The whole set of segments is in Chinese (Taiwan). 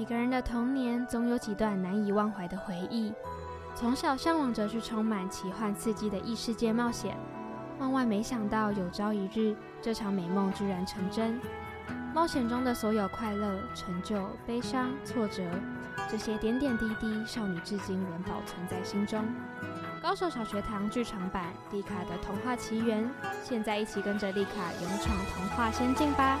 每個人的童年總有幾段難以忘懷的回憶，從小向往着去充滿奇幻刺激的異世界冒險，萬萬沒想到有朝一日這場美夢居然成真。冒險中的所有快樂、成就、悲傷、挫折，這些點點滴滴，少女至今仍保存在心中。《高手小學堂》劇場版《麗卡的童話奇緣》，現在一起跟着麗卡勇闖童話仙境吧。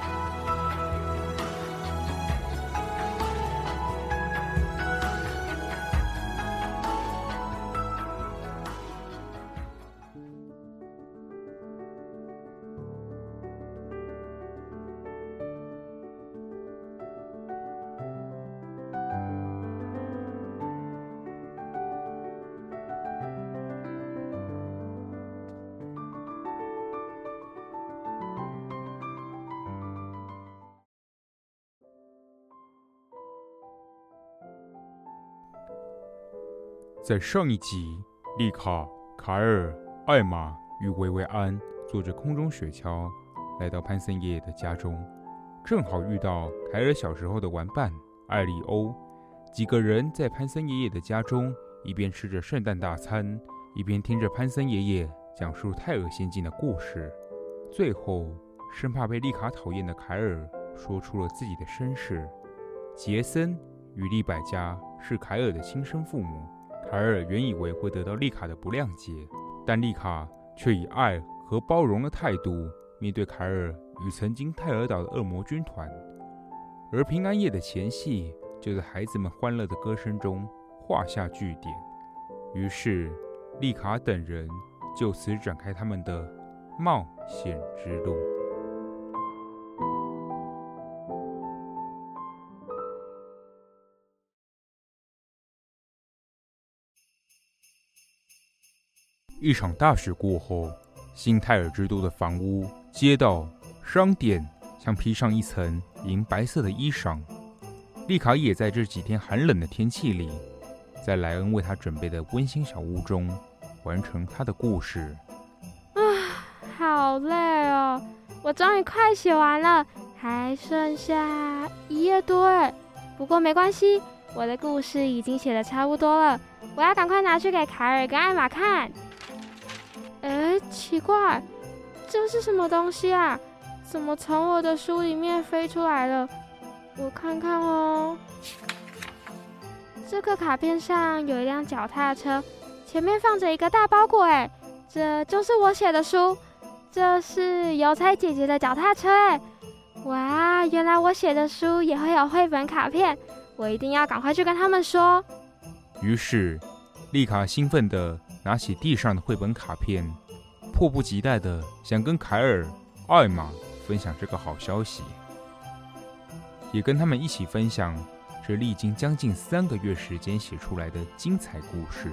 在上一集，麗卡、凱爾、艾瑪與薇薇安坐着空中雪橇來到潘森爺爺的家中，正好遇到凱爾小時候的玩伴艾利歐。幾個人在潘森爺爺的家中一邊吃着聖誕大餐，一邊聽着潘森爺爺講述泰爾仙境的故事。最後，生怕被麗卡討厭的凱爾說出了自己的身世：杰森與麗百家是凱爾的親生父母。凱爾原以為會得到麗卡的不諒解，但麗卡卻以愛和包容的態度面對凱爾與曾經泰爾島的惡魔軍團。而平安夜的前夕就在孩子們歡樂的歌聲中畫下句點。於是，麗卡等人就此展開他們的冒險之路。一場大雪過後，新泰爾之都的房屋、街道、商店像披上一層銀白色的衣裳。麗卡也在這幾天寒冷的天氣裡，在萊恩為她準備的溫馨小屋中完成她的故事。啊，好累哦！我終於快寫完了，還剩下一頁多哎。不過沒關係，我的故事已經寫得差不多了，我要趕快拿去給凱爾跟艾瑪看。哎，奇怪，這是什麼東西啊？怎麼從我的書裡面飛出來了？我看看哦，這個卡片上有一輛腳踏車，前面放着一個大包裹。哎，這就是我寫的書，這是郵差姐姐的腳踏車。哎，哇，原來我寫的書也會有繪本卡片，我一定要趕快去跟他們說。於是，麗卡興奮地。拿起地上的繪本卡片，迫不及待地想跟凱爾、艾瑪分享這個好消息，也跟他們一起分享這歷經將近三個月時間寫出來的精彩故事。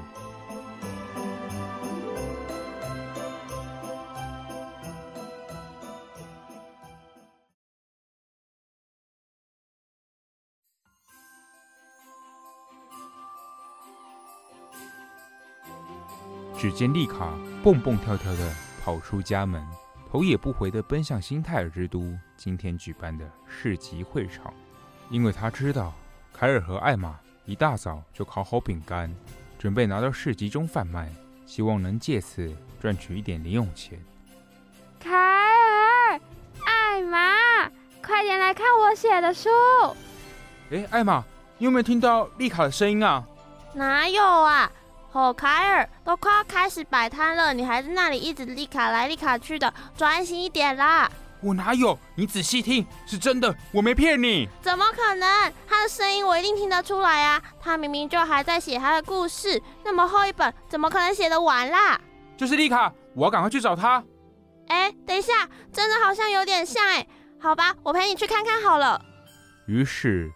只見麗卡蹦蹦跳跳的跑出家門，頭也不回的奔向新泰爾之都今天舉辦的市集會場，因為他知道凱爾和艾瑪一大早就烤好餅乾，準備拿到市集中販賣，希望能借此賺取一點零用錢。凱爾，艾瑪，快點來看我寫的書！哎，艾瑪，你有沒有聽到麗卡的聲音啊？哪有啊？哦，凱爾，都快要開始擺攤了，你還在那裡一直麗卡來麗卡去的，專心一點啦！我哪有？你仔細聽，是真的，我沒騙你。怎麼可能？他的聲音我一定聽得出來啊！他明明就還在寫他的故事，那麼厚一本，怎麼可能寫得完啦？就是麗卡，我要趕快去找他。哎，等一下，真的好像有點像哎。欸，好吧，我陪你去看看好了。於是，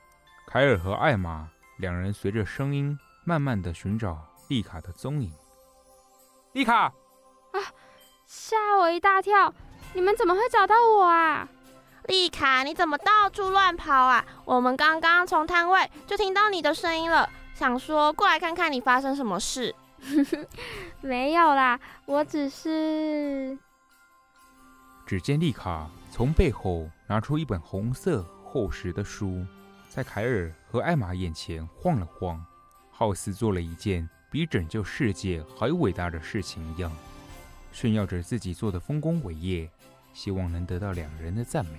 凱爾和艾瑪兩人隨着聲音慢慢地尋找。麗卡的蹤影，麗卡，啊！嚇我一大跳！你們怎麼會找到我啊？麗卡，你怎麼到處亂跑啊？我們剛剛從攤位就聽到你的聲音了，想說過來看看你發生什麼事。 沒有啦，我只是……只見麗卡從背後拿出一本紅色厚實的書，在凱爾和艾瑪眼前晃了晃，好似做了一件。比拯救世界還偉大的事情一樣，炫耀着自己做的豐功偉業，希望能得到兩人的讚美。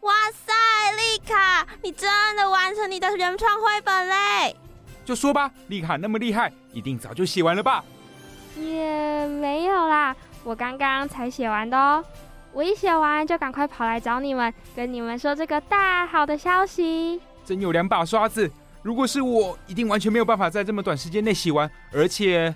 哇塞，麗卡，你真的完成你的原創繪本嘞？就說吧，麗卡那麼厲害，一定早就寫完了吧？也、yeah, 沒有啦，我剛剛才寫完的哦、喔。我一寫完就趕快跑來找你們，跟你們說這個大好的消息。真有兩把刷子。如果是我，一定完全沒有辦法在這麼短時間內寫完，而且，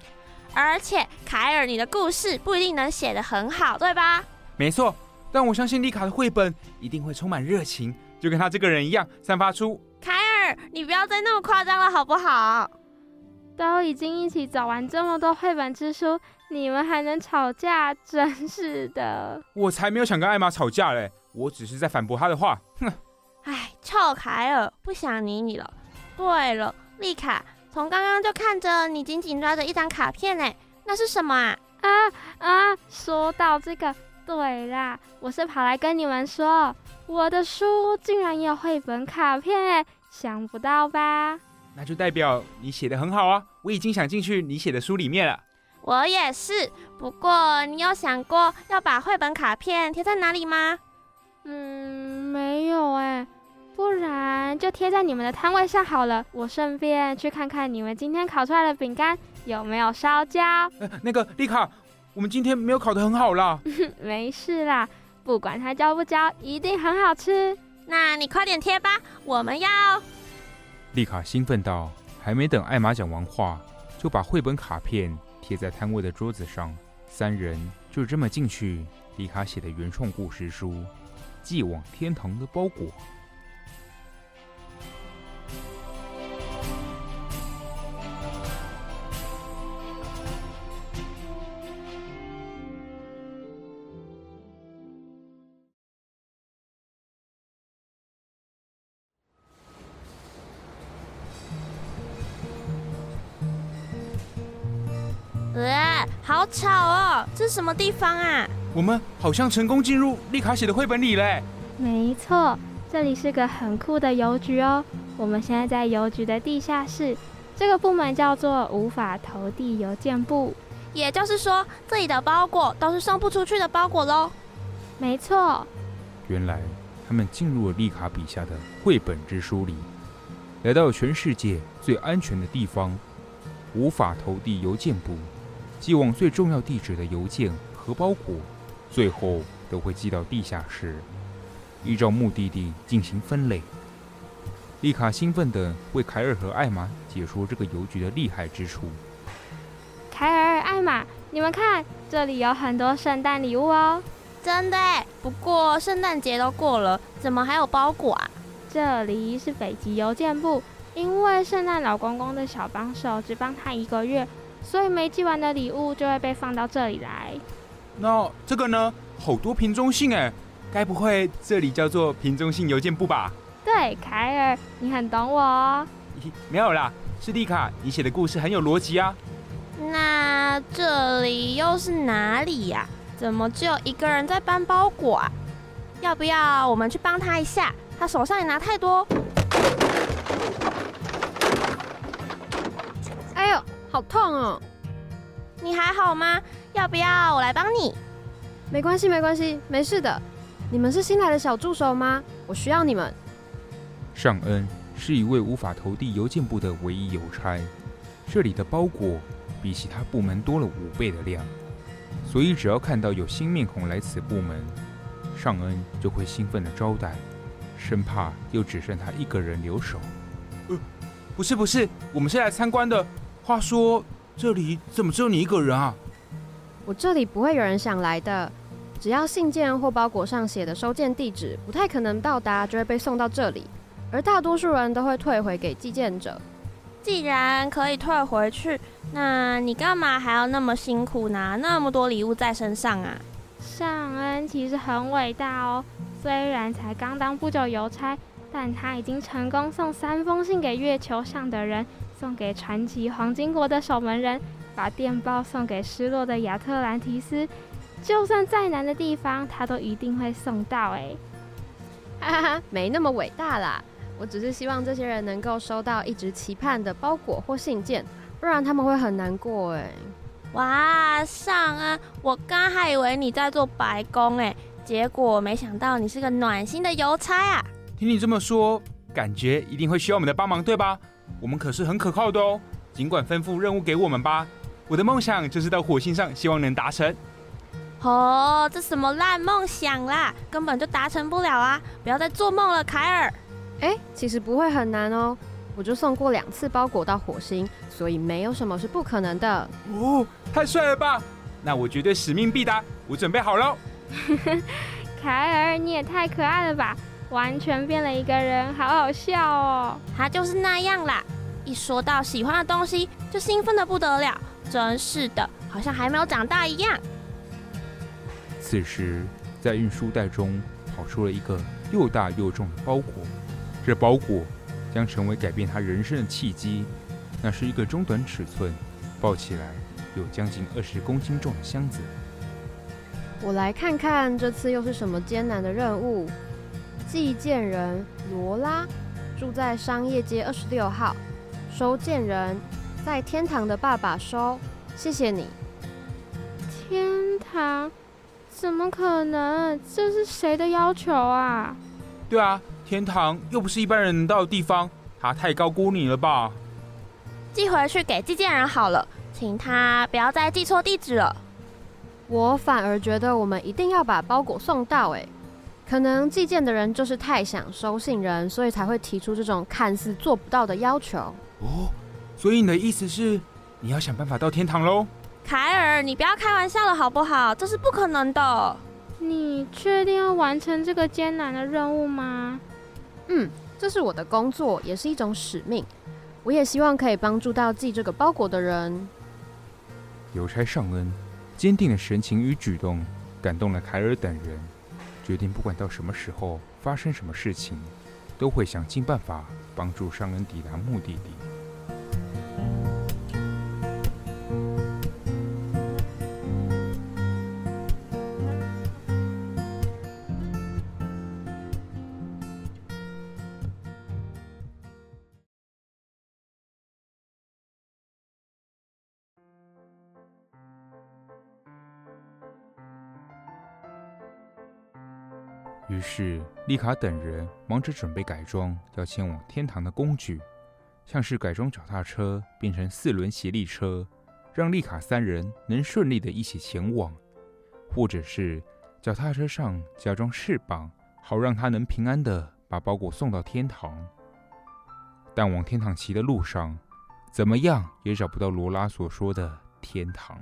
而且，凱爾，你的故事不一定能寫得很好，對吧？沒錯，但我相信麗卡的繪本一定會充滿熱情，就跟他這個人一樣，散發出。凱爾，你不要再那麼誇張了，好不好？都已經一起找完這麼多繪本之書，你們還能吵架？真是的！我才沒有想跟艾瑪吵架嘞，我只是在反駁她的話。哼！哎，臭凱爾，不想理你，你了。對了，麗卡，從剛剛就看着你緊緊抓着一張卡片，誒，那是什麼啊？啊啊！說到這個，對啦，我是跑來跟你們說，我的書竟然有繪本卡片，想不到吧？那就代表你寫得很好啊。我已經想進去你寫的書裡面了。我也是，不過你有想過要把繪本卡片貼在哪裡嗎？嗯，沒有哎。不然就貼在你們的攤位上好了，我順便去看看你們今天烤出來的餅乾有沒有燒焦？欸，那個麗卡，我們今天沒有烤得很好啦。 沒事啦，不管它焦不焦，一定很好吃。那你快點貼吧，我們要。麗卡興奮到還沒等艾瑪講完話，就把繪本卡片貼在攤位的桌子上。三人就這麼進去。麗卡寫的原創故事書《寄往天堂的包裹》。什麼地方啊？我們好像成功進入麗卡寫的繪本裡嘞。沒錯，這裡是個很酷的郵局哦。我們現在在郵局的地下室，這個部門叫做無法投遞郵件部，也就是說這裡的包裹都是送不出去的包裹嘍。沒錯，原來他們進入了麗卡筆下的繪本之書裡，來到了全世界最安全的地方——無法投遞郵件部。寄往最重要地址的郵件和包裹，最後都會寄到地下室，依照目的地進行分類。麗卡興奮地為凱爾和艾瑪解說這個郵局的厲害之處。凱爾、艾瑪，你們看，這裡有很多聖誕禮物哦，真的耶。不過聖誕節都過了，怎麼還有包裹啊？這裡是北極郵件部，因為聖誕老公公的小幫手只幫他一個月。所以沒寄完的禮物就會被放到這裡來。那這個呢？好多瓶中信哎，該不會這裡叫做瓶中信郵件部吧？對，凱爾，你很懂我哦。沒有啦，是麗卡，你寫的故事很有邏輯啊。那這裡又是哪裡呀？啊？怎麼只有一個人在搬包裹啊？要不要我們去幫他一下？他手上也拿太多。好痛哦！你還好嗎？要不要我來幫你？沒關係，沒關係，沒事的。你們是新來的小助手嗎？我需要你們。尚恩是一位無法投遞郵件部的唯一郵差，這裡的包裹比其他部門多了五倍的量，所以只要看到有新面孔來此部門，尚恩就會興奮地招待，生怕又只剩他一個人留守。呃，不是，不是，我們是來參觀的。話說，這裡怎麼只有你一個人啊？我這裡不會有人想來的，只要信件或包裹上寫的收件地址不太可能到達，就會被送到這裡，而大多數人都會退回給寄件者。既然可以退回去，那你干嘛還要那麼辛苦拿那麼多禮物在身上啊？尚恩其實很偉大哦，雖然才剛當不久郵差，但他已經成功送三封信給月球上的人。送給傳奇黃金國的守門人，把電報送給失落的亞特蘭提斯，就算再難的地方，他都一定會送到哎。哈哈，沒那麼偉大啦，我只是希望這些人能夠收到一直期盼的包裹或信件，不然他們會很難過哎。哇，尚恩！我剛還以為你在做白工哎，結果沒想到你是個暖心的郵差啊。聽你這麼說，感覺一定會需要我們的幫忙對吧？我們可是很可靠的哦，儘管吩咐任務給我們吧。我的夢想就是到火星上，希望能達成。哦，這什麼爛夢想啦，根本就達成不了啊！不要再做夢了，凱爾。哎，其實不會很難哦，我就送過兩次包裹到火星，所以沒有什麼是不可能的。哦，太帥了吧！那我絕對使命必達，我準備好咯。 凱爾，你也太可愛了吧！完全變了一個人，好好笑哦！他就是那樣啦，一說到喜歡的東西就興奮得不得了，真是的，好像還沒有長大一樣。此時，在運輸袋中跑出了一個又大又重的包裹，這包裹將成為改變他人生的契機。那是一個中短尺寸，抱起來有將近二十公斤重的箱子。我來看看，這次又是什麼艱難的任務？寄件人羅拉住在商業街二十六號，收件人在天堂的爸爸收，謝謝你。天堂？怎麼可能？這是誰的要求啊？對啊，天堂又不是一般人能到的地方，他太高估你了吧？寄回去給寄件人好了，請他不要再寄錯地址了。我反而覺得我們一定要把包裹送到，誒。可能寄件的人就是太想收信人，所以才會提出這種看似做不到的要求。哦，所以你的意思是，你要想辦法到天堂嘍？凱爾，你不要開玩笑了好不好？這是不可能的。你確定要完成這個艱難的任務嗎？嗯，這是我的工作，也是一種使命。我也希望可以幫助到寄這個包裹的人。郵差尚恩堅定的神情與舉動，感動了凱爾等人，決定不管到什麼時候發生什麼事情，都會想盡辦法幫助尚恩抵達目的地。麗卡等人忙着準備改裝要前往天堂的工具，像是改裝腳踏車變成四輪協力車，讓麗卡三人能順利的一起前往；或者是腳踏車上加裝翅膀，好讓他能平安的把包裹送到天堂。但往天堂騎的路上，怎麼樣也找不到羅拉所說的天堂。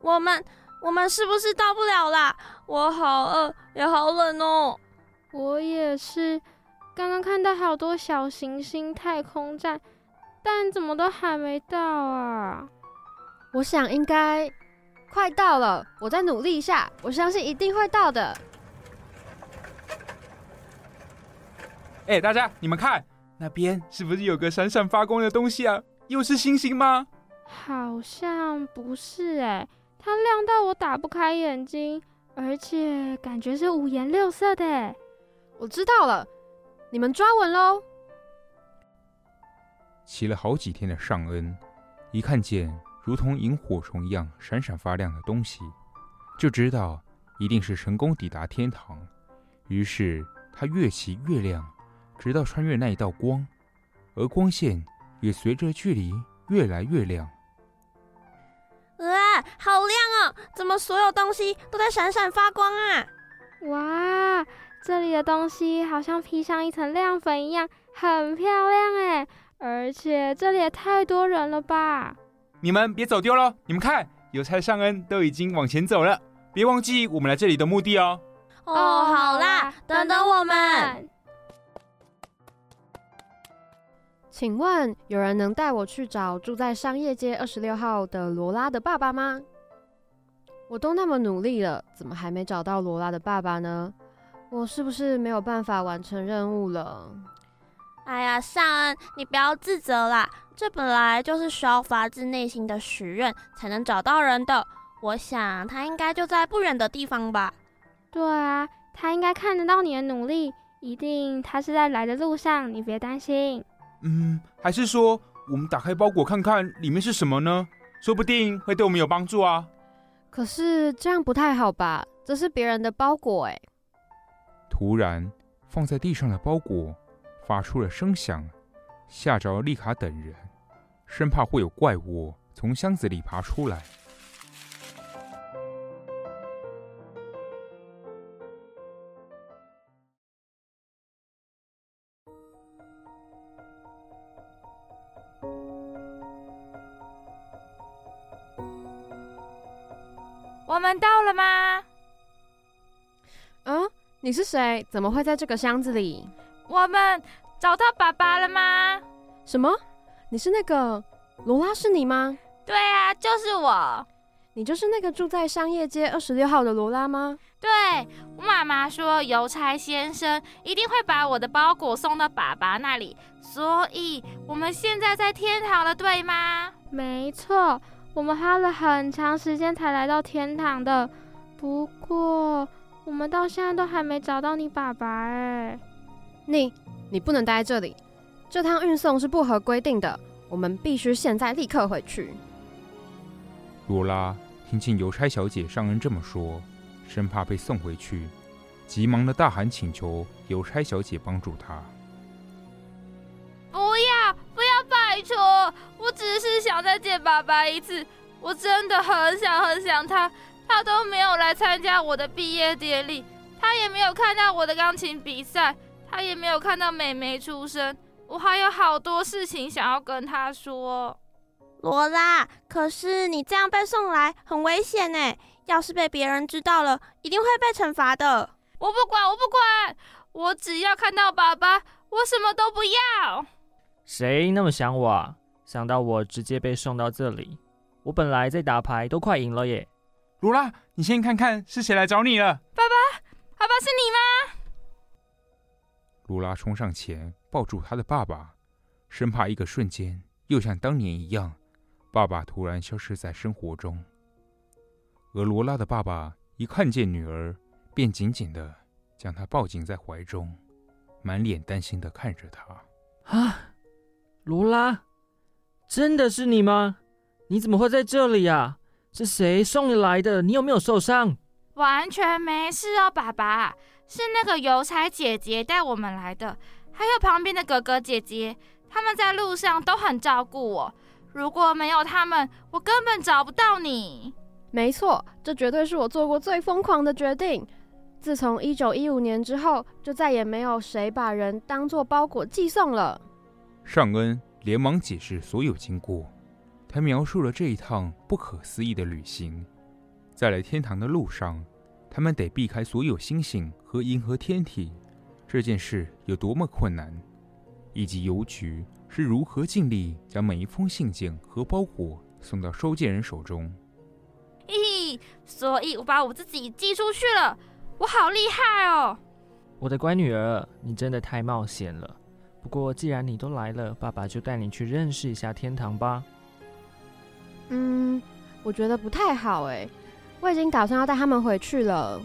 我們我們是不是到不了啦？我好餓，也好冷哦。我也是，剛剛看到好多小行星、太空站，但怎麼都還沒到啊！我想應該快到了，我再努力一下，我相信一定會到的。欸，大家你們看那邊是不是有個閃閃發光的東西啊？又是星星嗎？好像不是欸，它亮到我打不開眼睛，而且感覺是五顏六色的欸。我知道了，你們抓穩嘍！騎了好幾天的尚恩，一看見如同螢火蟲一樣閃閃發亮的東西，就知道一定是成功抵達天堂。於是他越騎越亮，直到穿越那一道光，而光線也隨着距離越來越亮。哇，好亮哦！怎麼所有東西都在閃閃發光啊？哇！這裡的東西好像披上一層亮粉一樣，很漂亮哎！而且這裡也太多人了吧？你們別走丟了！你們看，郵差尚恩都已經往前走了，別忘記我們來這裡的目的哦。哦，好啦，等等我們。哦、等等我們。請問，有人能帶我去找住在商業街二十六號的羅拉的爸爸嗎？我都那麼努力了，怎麼還沒找到羅拉的爸爸呢？我是不是沒有辦法完成任務了？哎呀，尚恩，你不要自責啦。這本來就是需要發自內心的許願才能找到人的。我想他應該就在不遠的地方吧。對啊，他應該看得到你的努力，一定他是在來的路上。你別擔心。嗯，還是說我們打開包裹看看裡面是什麼呢？說不定會對我們有幫助啊。可是這樣不太好吧？這是別人的包裹哎、欸。突然，放在地上的包裹發出了聲響，嚇着了麗卡等人，生怕會有怪物從箱子裡爬出來。我們到了嗎？你是誰？怎麼會在這個箱子裡？我們找到爸爸了嗎？什麼？你是那個羅拉是你嗎？對啊，就是我。你就是那個住在商業街二十六號的羅拉嗎？對，我媽媽說郵差先生一定會把我的包裹送到爸爸那裡，所以我們現在在天堂了，對嗎？沒錯，我們花了很長時間才來到天堂的。不過。我們到現在都還沒找到你爸爸哎，欸！你，你不能待在這裡，這趟運送是不合規定的，我們必須現在立刻回去。羅拉聽見郵差小姐尚恩這麼說，生怕被送回去，急忙的大喊請求郵差小姐幫助她。不要，不要，拜託！我只是想再見爸爸一次，我真的很想很想他。他都沒有來參加我的畢業典禮，他也沒有看到我的鋼琴比賽，他也沒有看到妹妹出生。我還有好多事情想要跟他說。羅拉，可是你這樣被送來很危險哎，要是被別人知道了，一定會被懲罰的。我不管，我不管，我只要看到爸爸，我什麼都不要。誰那麼想我啊，想到我直接被送到這裡。我本來在打牌，都快贏了耶。羅拉，你先看看是誰來找你了。爸爸，爸爸是你嗎？羅拉衝上前抱住他的爸爸，生怕一個瞬間又像當年一樣，爸爸突然消失在生活中。而羅拉的爸爸一看見女兒，便緊緊的將她抱緊在懷中，滿臉擔心的看着她。啊，羅拉，真的是你嗎？你怎麼會在這裡呀、啊？是誰送你來的？你有沒有受傷？完全沒事哦，爸爸。是那個郵差姐姐帶我們來的，還有旁邊的哥哥姐姐，他們在路上都很照顧我。如果沒有他們，我根本找不到你。沒錯，這絕對是我做過最瘋狂的決定。自從1915年之後，就再也沒有誰把人當做包裹寄送了。尚恩連忙解釋所有經過。他描述了這一趟不可思議的旅行，在來天堂的路上，他們得避開所有星星和銀河天體。這件事有多麼困難，以及郵局是如何盡力將每一封信件和包裹送到收件人手中。所以我把我自己寄出去了，我好厲害哦！我的乖女兒，你真的太冒險了。不過既然你都來了，爸爸就帶你去認識一下天堂吧。嗯，我覺得不太好哎，我已經打算要帶他們回去了。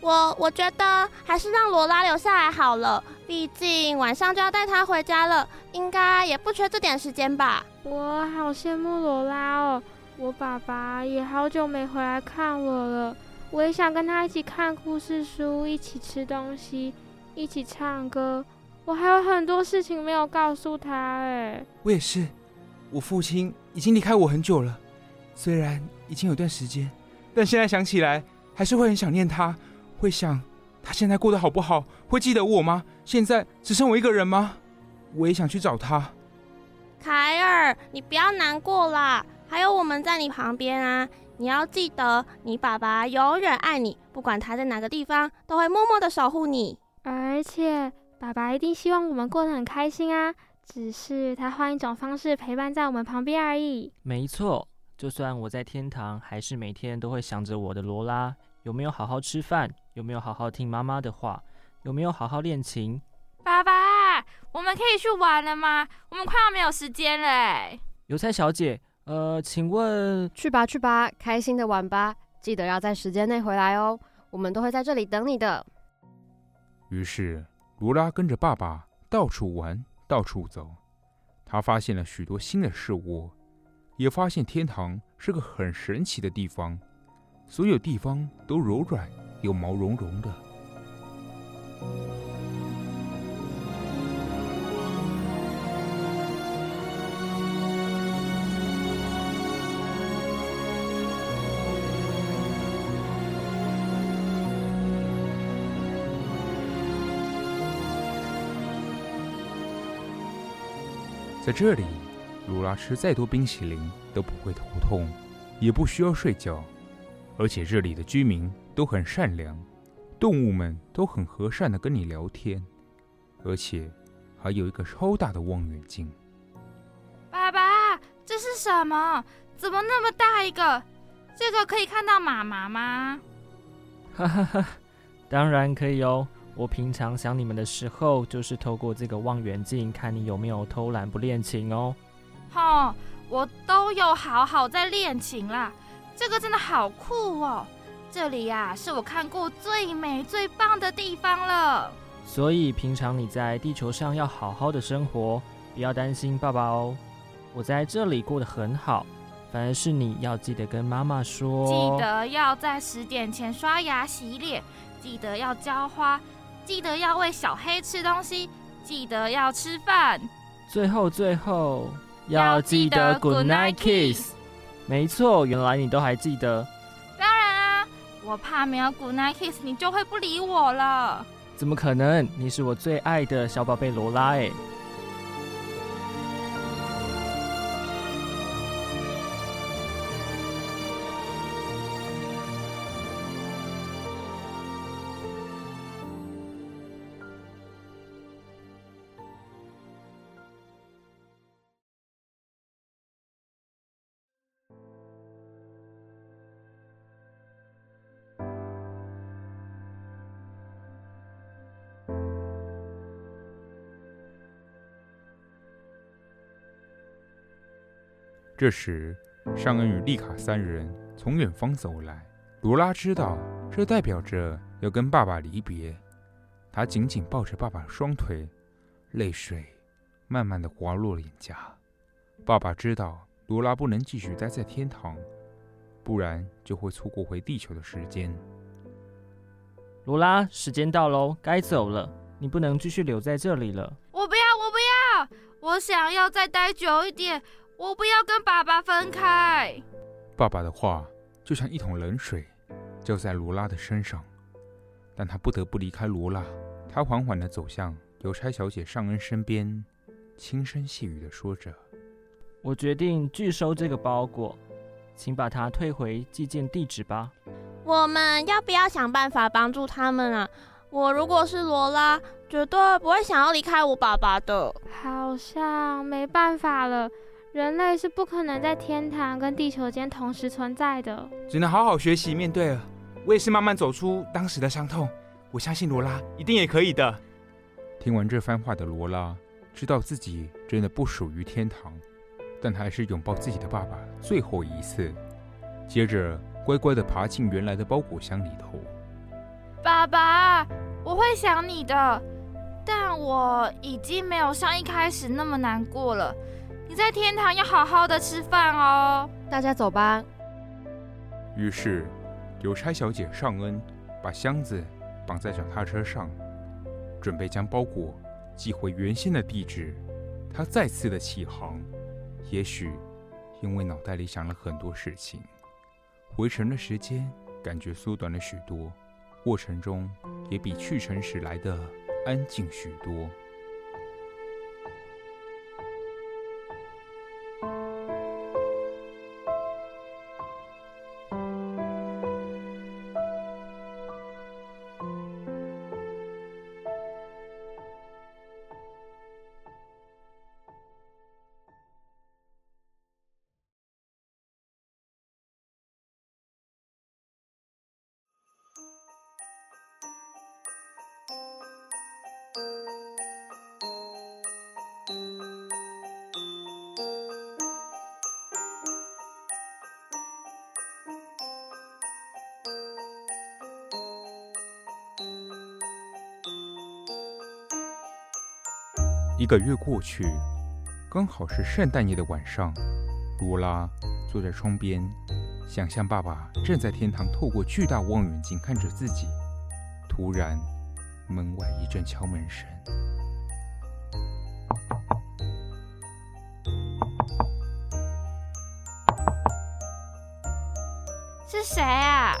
我我覺得還是讓羅拉留下來好了，畢竟晚上就要帶他回家了，應該也不缺這點時間吧？我好羨慕羅拉哦，我爸爸也好久沒回來看我了，我也想跟他一起看故事書，一起吃東西，一起唱歌。我還有很多事情沒有告訴他哎。我也是，我父親已經離開我很久了，雖然已經有段時間，但現在想起來還是會很想念他，會想他現在過得好不好，會記得我嗎？現在只剩我一個人嗎？我也想去找他。凱爾，你不要難過了，還有我們在你旁邊啊！你要記得，你爸爸永遠愛你，不管他在哪個地方，都會默默的守護你。而且爸爸一定希望我們過得很開心啊！只是他換一種方式陪伴在我們旁邊而已。沒錯，就算我在天堂，還是每天都會想着我的羅拉有沒有好好吃飯，有沒有好好聽媽媽的話，有沒有好好練琴。爸爸，我們可以去玩了嗎？我們快要沒有時間嘞！郵差小姐，呃，請問……去吧，去吧，開心的玩吧，記得要在時間內回來哦，我們都會在這裡等你的。於是，羅拉跟着爸爸到處玩。到處走，他發現了許多新的事物，也發現天堂是個很神奇的地方，所有地方都柔軟又毛茸茸的。在這裡，蘿拉吃再多冰淇淋都不會頭痛，也不需要睡覺，而且這裡的居民都很善良，動物們都很和善的跟你聊天，而且還有一個超大的望遠鏡。爸爸，這是什麼？怎麼那麼大一個？這個可以看到媽媽嗎？哈哈哈，當然可以哦。我平常想你們的時候，就是透過這個望遠鏡看你有沒有偷懶不練琴哦。哼、哦，我都有好好在練琴啦，這個真的好酷哦！這裡呀、啊，是我看過最美最棒的地方了。所以平常你在地球上要好好的生活，不要擔心爸爸哦。我在這裡過得很好，反而是你要記得跟媽媽說，記得要在十點前刷牙洗臉，記得要澆花。記得要餵小黑吃東西，記得要吃飯。最後最後要記得 Good Night Kiss。沒錯，原來你都還記得。當然啊，我怕沒有 Good Night Kiss，你就會不理我了。怎麼可能？你是我最愛的小寶貝羅拉誒、欸。這時，尚恩與麗卡三人從遠方走來。羅拉知道，這代表着要跟爸爸離別。他緊緊抱着爸爸雙腿，淚水慢慢的滑落臉頰。爸爸知道羅拉不能繼續待在天堂，不然就會錯過回地球的時間。羅拉，時間到嘍，該走了。你不能繼續留在這裡了。我不要，我不要，我想要再待久一點。我不要跟爸爸分開。爸爸的話就像一桶冷水澆在羅拉的身上，但他不得不離開羅拉。他緩緩地走向郵差小姐尚恩身邊，輕聲細語地說着：“我決定拒收這個包裹，請把它退回寄件地址吧。”我們要不要想辦法幫助他們啊？我如果是羅拉，絕對不會想要離開我爸爸的。好像沒辦法了。人類是不可能在天堂跟地球間同時存在的，只能好好學習面對了。我也是慢慢走出當時的傷痛，我相信羅拉一定也可以的。聽完這番話的羅拉，知道自己真的不屬於天堂，但她還是擁抱自己的爸爸最後一次，接着乖乖的爬進原來的包裹箱裡頭。爸爸，我會想你的，但我已經沒有像一開始那麼難過了。你在天堂要好好的吃飯哦，大家走吧。於是，郵差小姐尚恩把箱子綁在腳踏車上，準備將包裹寄回原先的地址。她再次的起航，也許因為腦袋裡想了很多事情，回程的時間感覺縮短了許多，過程中也比去程時來的安靜許多。一個月過去，剛好是聖誕夜的晚上，羅拉坐在窗邊，想象爸爸正在天堂透過巨大望遠鏡看着自己。突然，門外一陣敲門聲。是誰啊？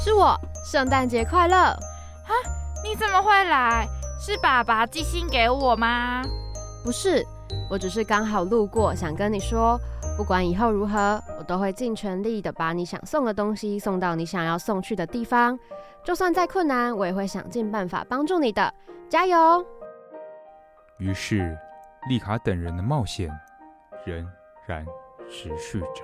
是我。聖誕節快樂！哈、啊，你怎麼會來？是爸爸寄信給我嗎？不是，我只是剛好路過，想跟你說，不管以後如何，我都會盡全力的把你想送的東西送到你想要送去的地方。就算再困難，我也會想盡辦法幫助你的。加油！於是，麗卡等人的冒險仍然持續着。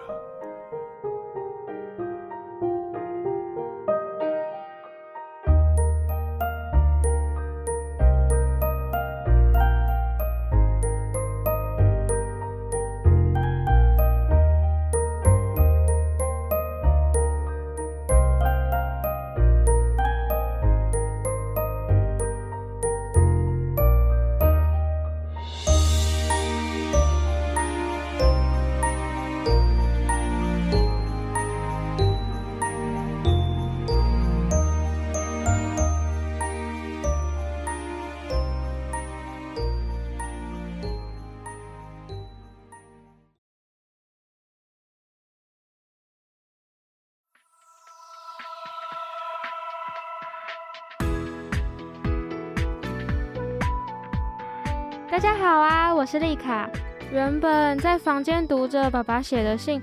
大家好啊，我是麗卡。原本在房間讀着爸爸寫的信，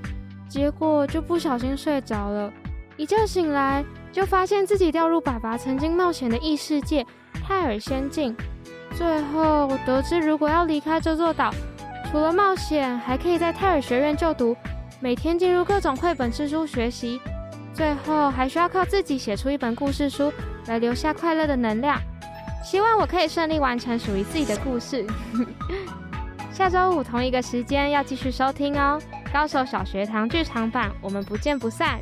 結果就不小心睡着了。一覺醒來，就發現自己掉入爸爸曾經冒險的異世界泰爾仙境。最後我得知，如果要離開這座島，除了冒險，還可以在泰爾學院就讀，每天進入各種繪本之書學習。最後還需要靠自己寫出一本故事書，來留下快樂的能量。希望我可以順利完成屬於自己的故事。 下周五同一個時間要繼續收聽哦，《高手小學堂劇場版》，我們不見不散。